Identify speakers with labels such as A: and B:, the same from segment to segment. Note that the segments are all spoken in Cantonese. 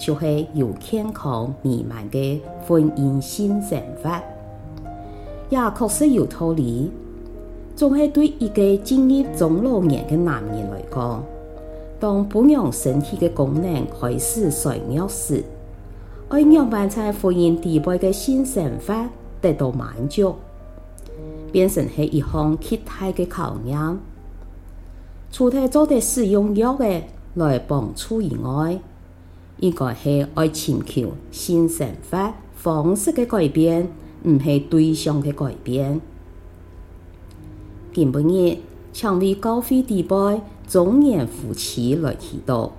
A: 就係要健康美滿嘅婚姻性生活，也確實有道理。總係對一個進入中老年嘅男人嚟講，當保養身體嘅功能開始衰弱時，愛讓還在婚姻地位嘅性生活得到滿足，變成係一項極大嘅考驗。除開做啲使用藥嘅來幫助以外，應該係愛情求新生活方式嘅改變，唔係對象嘅改變。近半月，常為高飛迪拜中年夫妻來祈禱，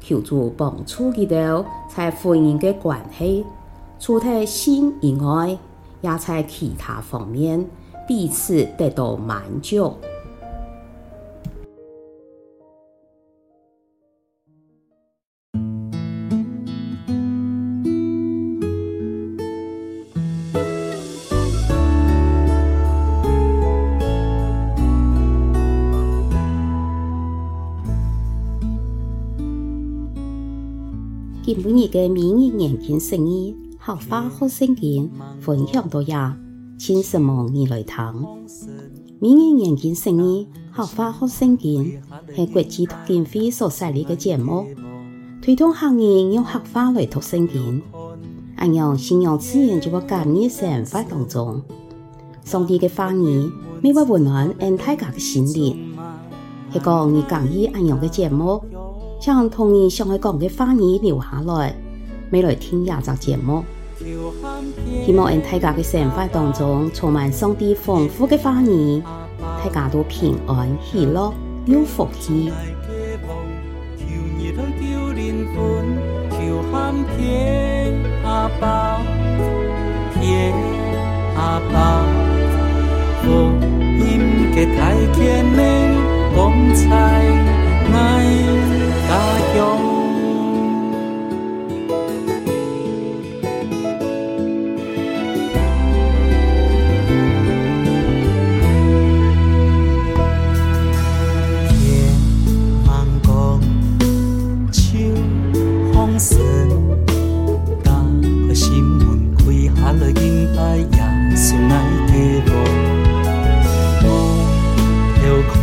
A: 求助幫助佢哋在婚姻嘅關係，除睇性以外，也在其他方面彼此得到滿足。今晡日嘅每研客語學聖經，分享到呀，請十萬二來聽。每研客語學聖經係國際讀經會所設立嘅節目，推動客家人用客話來讀聖經，應用信仰自然就喺今日生活當中。上帝嘅話語每筆溫暖喺大家心靈，係個你講節目。想從你想海港嘅話語留下來，未來聽廿集節目，希望讓大家嘅生活當中，啊、充滿上帝豐富嘅話語，大家都平安、啊、喜樂、有福氣。
B: 阿爸，阿爸，好陰嘅太監嘅風采。啊